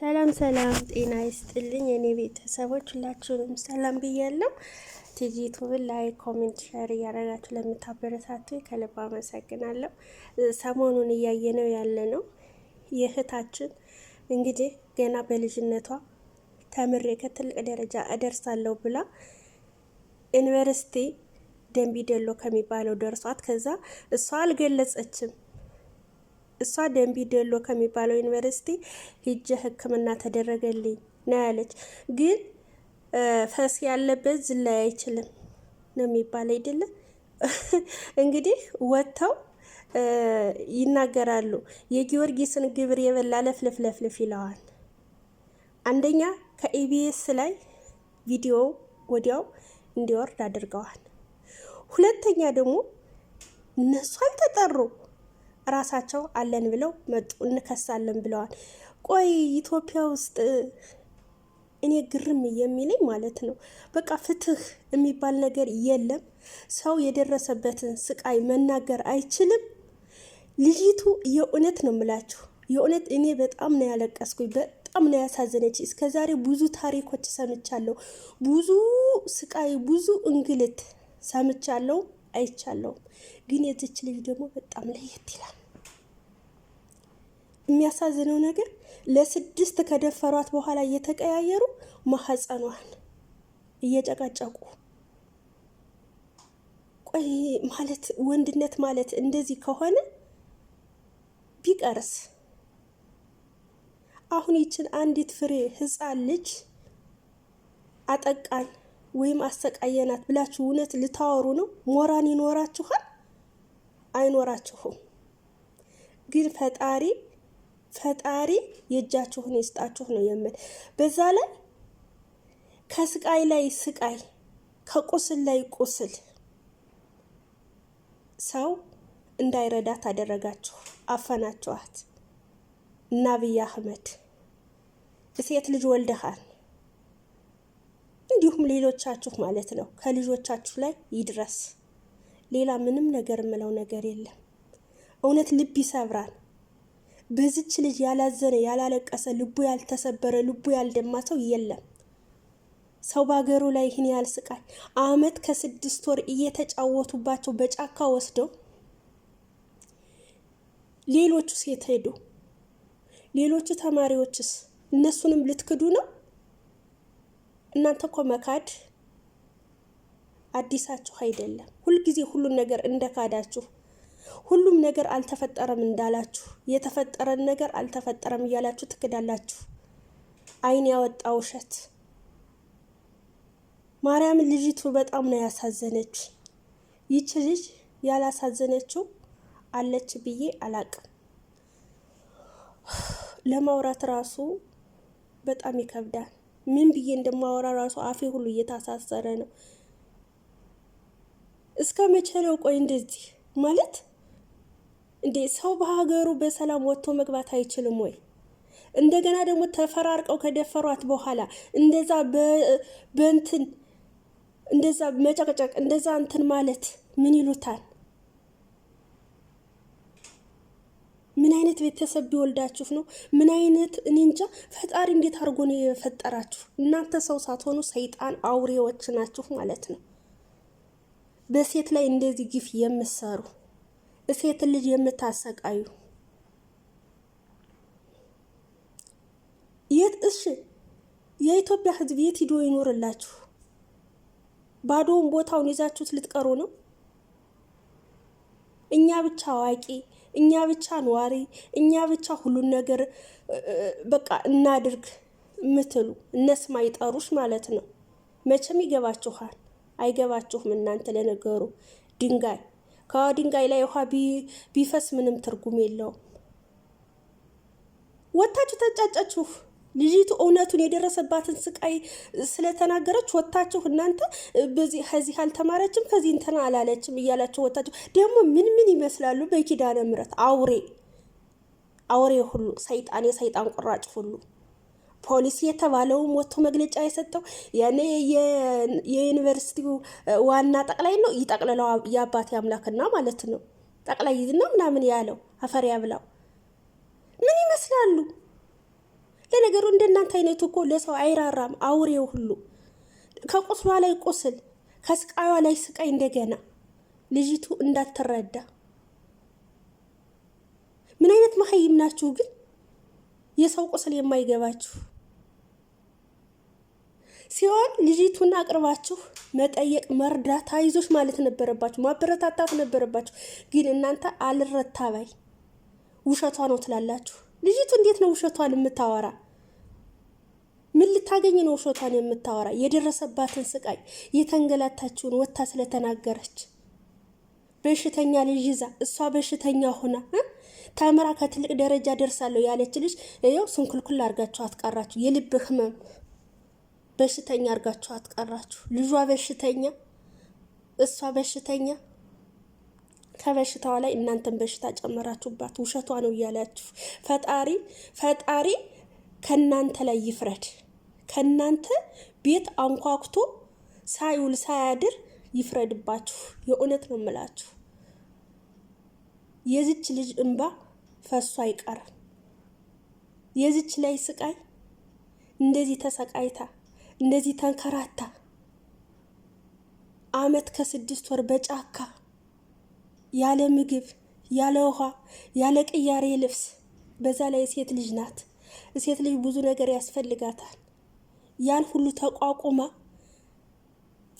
ሰላም ሰላም፣ ጤና ይስጥልኝ የኔ ቤተሰቦች ሁላችሁንም ሰላም ብያለሁ። ቲጂ ቱብን ላይ ኮሜንት፣ ሸር እያደረጋችሁ ለምታበረታቱ ከልብ አመሰግናለሁ። ሰሞኑን እያየነው ያለ ነው የእህታችን እንግዲህ ገና በልጅነቷ ተምሬ ከትልቅ ደረጃ እደርሳለሁ ብላ ዩኒቨርሲቲ ደንቢ ደሎ ከሚባለው ደርሷት ከዛ እሷ አልገለጸችም እሷ ደንቢ ደሎ ከሚባለው ዩኒቨርሲቲ ሂጄ ሕክምና ተደረገልኝ ነው ያለች። ግን ፈስ ያለበት ዝላይ አይችልም ነው የሚባል አይደለም። እንግዲህ ወጥተው ይናገራሉ። የጊዮርጊስን ግብር የበላ ለፍለፍ ለፍለፍ ይለዋል። አንደኛ ከኢቢኤስ ላይ ቪዲዮ ወዲያው እንዲወርድ አድርገዋል። ሁለተኛ ደግሞ እነሱ አልተጠሩ ራሳቸው አለን ብለው መጡ። እንከሳለን ብለዋል። ቆይ ኢትዮጵያ ውስጥ እኔ ግርም የሚለኝ ማለት ነው በቃ ፍትህ የሚባል ነገር የለም። ሰው የደረሰበትን ስቃይ መናገር አይችልም። ልጅቱ የእውነት ነው የምላችሁ፣ የእውነት እኔ በጣም ነው ያለቀስኩኝ። በጣም ነው ያሳዘነች። እስከዛሬ ብዙ ታሪኮች ሰምቻለሁ፣ ብዙ ስቃይ፣ ብዙ እንግልት ሰምቻለሁ። አይቻለውም። ግን የዚች ልጅ ደግሞ በጣም ለየት ይላል። የሚያሳዝነው ነገር ለስድስት ከደፈሯት በኋላ እየተቀያየሩ ማህፀኗን እየጨቀጨቁ ቆይ ማለት ወንድነት ማለት እንደዚህ ከሆነ ቢቀርስ አሁን ይችን አንዲት ፍሬ ህፃን ልጅ አጠቃን ወይም አሰቃየናት ብላችሁ እውነት ልታወሩ ነው? ሞራን ይኖራችኋል? አይኖራችሁም። ግን ፈጣሪ ፈጣሪ የእጃችሁን ይስጣችሁ ነው የምል። በዛ ላይ ከስቃይ ላይ ስቃይ፣ ከቁስል ላይ ቁስል ሰው እንዳይረዳት አደረጋችሁ፣ አፈናችኋት እና አብይ አህመድ ሴት ልጅ ወልደሃል እንዲሁም ሌሎቻችሁ ማለት ነው ከልጆቻችሁ ላይ ይድረስ። ሌላ ምንም ነገር የምለው ነገር የለም። እውነት ልብ ይሰብራል። በዚች ልጅ ያላዘነ ያላለቀሰ ልቡ ያልተሰበረ ልቡ ያልደማ ሰው የለም። ሰው በሀገሩ ላይ ይህን ያል ስቃይ አመት ከስድስት ወር እየተጫወቱባቸው በጫካ ወስደው ሌሎቹ ሴት ሄዱ? ሌሎቹ ተማሪዎችስ እነሱንም ልትክዱ ነው? እናንተ እኮ መካድ አዲሳችሁ አይደለም። ሁልጊዜ ሁሉን ነገር እንደካዳችሁ ሁሉም ነገር አልተፈጠረም እንዳላችሁ የተፈጠረን ነገር አልተፈጠረም እያላችሁ ትክዳላችሁ። አይን ያወጣ ውሸት። ማርያም ልጅቱ በጣም ነው ያሳዘነች። ይች ልጅ ያላሳዘነችው አለች ብዬ አላቅም። ለማውራት ራሱ በጣም ይከብዳል። ምን ብዬ እንደማወራ ራሱ አፌ ሁሉ እየታሳሰረ ነው። እስከ መቼ ነው ቆይ እንደዚህ ማለት እንዴ? ሰው በሀገሩ በሰላም ወጥቶ መግባት አይችልም ወይ? እንደገና ደግሞ ተፈራርቀው ከደፈሯት በኋላ እንደዛ በእንትን እንደዛ መጨቅጨቅ እንደዛ እንትን ማለት ምን ይሉታል? ምን አይነት ቤተሰብ ቢወልዳችሁ ነው? ምን አይነት እኔ እንጃ። ፈጣሪ እንዴት አድርጎ ነው የፈጠራችሁ? እናንተ ሰው ሳትሆኑ ሰይጣን አውሬዎች ናችሁ ማለት ነው። በሴት ላይ እንደዚህ ግፍ የምትሰሩ ሴት ልጅ የምታሰቃዩ የት እሺ፣ የኢትዮጵያ ሕዝብ የት ሂዶ ይኖርላችሁ? ባዶውን ቦታውን ይዛችሁት ልትቀሩ ነው? እኛ ብቻ አዋቂ እኛ ብቻ ነዋሪ፣ እኛ ብቻ ሁሉን ነገር በቃ እናድርግ ምትሉ እነስ ማይጠሩሽ ማለት ነው። መቼም ይገባችኋል። አይገባችሁም እናንተ ለነገሩ ድንጋይ ከድንጋይ ላይ ውሃ ቢፈስ ምንም ትርጉም የለውም። ወታችሁ ተጫጫችሁ። ልጅቱ እውነቱን የደረሰባትን ስቃይ ስለተናገረች ወታችሁ እናንተ በዚህ ከዚህ አልተማረችም ከዚህ እንትና አላለችም እያላችሁ ወታችሁ ደግሞ ምን ምን ይመስላሉ በኪዳነ ምሕረት አውሬ አውሬ ሁሉ ሰይጣን የሰይጣን ቁራጭ ሁሉ ፖሊስ የተባለውም ወጥቶ መግለጫ የሰጠው ያኔ የዩኒቨርሲቲው ዋና ጠቅላይ ነው ይጠቅልለው የአባት አምላክና ማለት ነው ጠቅላይ ይዝና ምናምን ያለው አፈር ያብላው ምን ይመስላሉ? ለነገሩ እንደናንተ አይነቱ እኮ ለሰው አይራራም አውሬው ሁሉ። ከቁስሏ ላይ ቁስል፣ ከስቃዩ ላይ ስቃይ። እንደገና ልጅቱ እንዳትረዳ። ምን አይነት መሀይም ናችሁ ግን የሰው ቁስል የማይገባችሁ ሲሆን ልጅቱን አቅርባችሁ መጠየቅ፣ መርዳት፣ አይዞሽ ማለት ነበረባችሁ፣ ማበረታታት ነበረባችሁ። ግን እናንተ አልረታ ባይ ውሸቷ ነው ትላላችሁ። ልጅቱ እንዴት ነው ውሸቷን የምታወራ? ምን ልታገኝ ነው ውሸቷን የምታወራ? የደረሰባትን ስቃይ የተንገላታችውን ወታ ስለተናገረች በሽተኛ ልጅ ይዛ እሷ በሽተኛ ሆና ተምራ ከትልቅ ደረጃ ደርሳለሁ ያለች ልጅ ይኸው ስንኩልኩል አርጋችሁ አትቀራችሁ። የልብ ህመም በሽተኛ አርጋችሁ አትቀራችሁ። ልጇ በሽተኛ፣ እሷ በሽተኛ ከበሽታዋ ላይ እናንተን በሽታ ጨመራችሁባት። ውሸቷ ነው እያላችሁ ፈጣሪ ፈጣሪ ከእናንተ ላይ ይፍረድ። ከእናንተ ቤት አንኳኩቶ ሳይውል ሳያድር ይፍረድባችሁ። የእውነት ነው የምላችሁ። የዚች ልጅ እንባ ፈሱ አይቀርም። የዚች ላይ ስቃይ እንደዚህ ተሰቃይታ እንደዚህ ተንከራታ አመት ከስድስት ወር በጫካ ያለ ምግብ፣ ያለ ውሃ፣ ያለ ቅያሬ ልብስ። በዛ ላይ ሴት ልጅ ናት። ሴት ልጅ ብዙ ነገር ያስፈልጋታል። ያን ሁሉ ተቋቁማ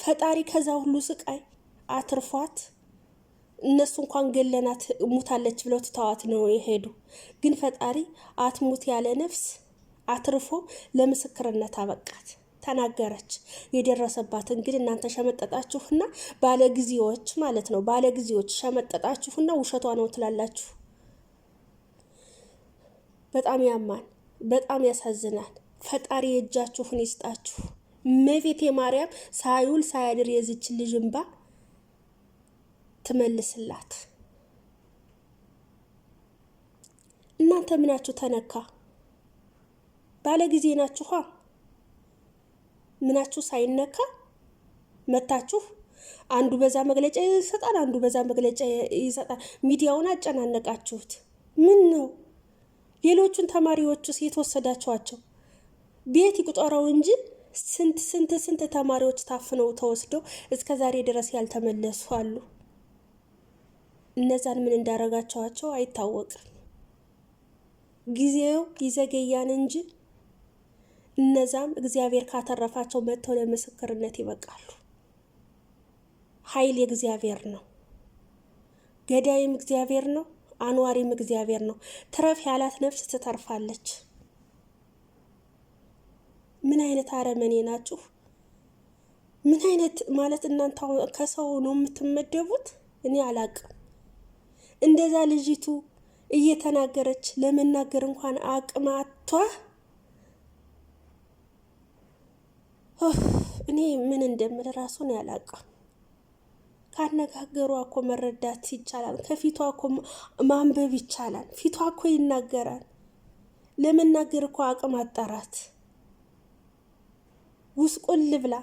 ፈጣሪ ከዛ ሁሉ ስቃይ አትርፏት። እነሱ እንኳን ገለናት ሙታለች ብለው ትተዋት ነው የሄዱ። ግን ፈጣሪ አትሙት ያለ ነፍስ አትርፎ ለምስክርነት አበቃት። ተናገረች። የደረሰባትን ግን እናንተ ሸመጠጣችሁና ባለጊዜዎች ማለት ነው። ባለጊዜዎች ሸመጠጣችሁና ውሸቷ ነው ትላላችሁ። በጣም ያማን፣ በጣም ያሳዝናል። ፈጣሪ የእጃችሁን ይስጣችሁ። መቤቴ ማርያም ሳይውል ሳያድር የዝች ልጅ እንባ ትመልስላት። እናንተ ምናችሁ ተነካ? ባለ ጊዜ ናችኋ። ምናችሁ ሳይነካ መታችሁ አንዱ በዛ መግለጫ ይሰጣል፣ አንዱ በዛ መግለጫ ይሰጣል። ሚዲያውን አጨናነቃችሁት። ምን ነው ሌሎቹን ተማሪዎችስ የተወሰዳችኋቸው? ቤት ይቁጠረው እንጂ ስንት ስንት ስንት ተማሪዎች ታፍነው ተወስደው እስከ ዛሬ ድረስ ያልተመለሱ አሉ። እነዛን ምን እንዳረጋቸዋቸው አይታወቅም። ጊዜው ይዘገያን እንጂ እነዛም እግዚአብሔር ካተረፋቸው መጥተው ለምስክርነት ይበቃሉ። ኃይል የእግዚአብሔር ነው። ገዳይም እግዚአብሔር ነው። አንዋሪም እግዚአብሔር ነው። ትረፍ ያላት ነፍስ ትተርፋለች። ምን አይነት አረመኔ ናችሁ? ምን አይነት ማለት እናንተ ከሰው ነው የምትመደቡት? እኔ አላቅም። እንደዛ ልጅቱ እየተናገረች ለመናገር እንኳን አቅም አቷ እኔ ምን እንደምል ራሱን ያላቃ ካነጋገሯ እኮ መረዳት ይቻላል። ከፊቷ እኮ ማንበብ ይቻላል። ፊቷ እኮ ይናገራል። ለመናገር እኮ አቅም አጣራት። ውስቁል ብላ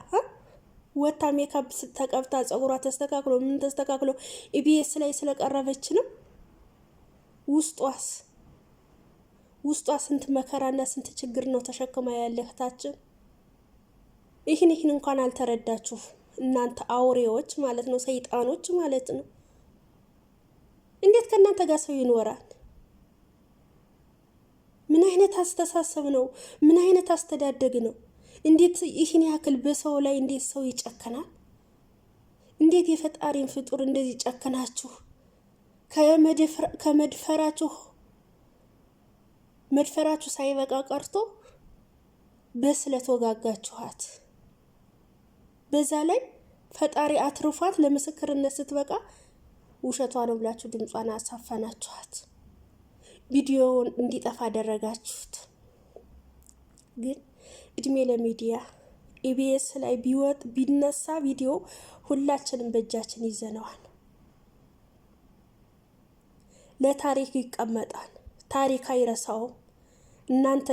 ወታ ሜካፕ ተቀብታ ፀጉሯ ተስተካክሎ ምን ተስተካክሎ ኢቢኤስ ላይ ስለቀረበች ነው። ውስጧስ ውስጧ ስንት መከራና ስንት ችግር ነው ተሸክማ ያለህታችን ይህን ይህን እንኳን አልተረዳችሁ እናንተ አውሬዎች ማለት ነው፣ ሰይጣኖች ማለት ነው። እንዴት ከእናንተ ጋር ሰው ይኖራል? ምን አይነት አስተሳሰብ ነው? ምን አይነት አስተዳደግ ነው? እንዴት ይህን ያክል በሰው ላይ እንዴት ሰው ይጨከናል? እንዴት የፈጣሪን ፍጡር እንደዚህ ጨከናችሁ? ከመድፈራችሁ መድፈራችሁ ሳይበቃ ቀርቶ በስለት ወጋጋችኋት። በዛ ላይ ፈጣሪ አትርፏት ለምስክርነት ስትበቃ ውሸቷ ነው ብላችሁ ድምጿን አሳፈናችኋት። ቪዲዮውን እንዲጠፋ አደረጋችሁት። ግን እድሜ ለሚዲያ ኢቢኤስ ላይ ቢወጥ ቢነሳ ቪዲዮ ሁላችንም በእጃችን ይዘነዋል። ለታሪክ ይቀመጣል። ታሪክ አይረሳውም። እናንተ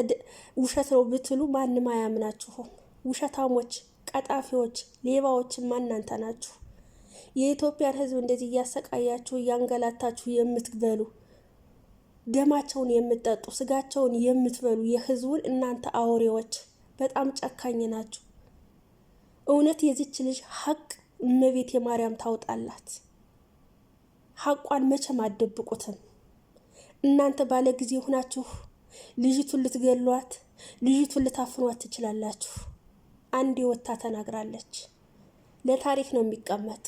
ውሸት ነው ብትሉ ማንም አያምናችሁም። ውሸታሞች ቀጣፊዎች፣ ሌባዎችን ማናንተ ናችሁ። የኢትዮጵያን ሕዝብ እንደዚህ እያሰቃያችሁ እያንገላታችሁ የምትበሉ ደማቸውን የምትጠጡ ስጋቸውን የምትበሉ የሕዝቡን እናንተ አውሬዎች በጣም ጨካኝ ናችሁ። እውነት የዚች ልጅ ሀቅ እመቤት የማርያም ታውጣላት። ሀቋን መቼም አደብቁትም እናንተ ባለ ጊዜ ሆናችሁ ልጅቱን ልትገሏት፣ ልጅቱን ልታፍኗት ትችላላችሁ። አንድ ወጥታ ተናግራለች። ለታሪክ ነው የሚቀመጥ።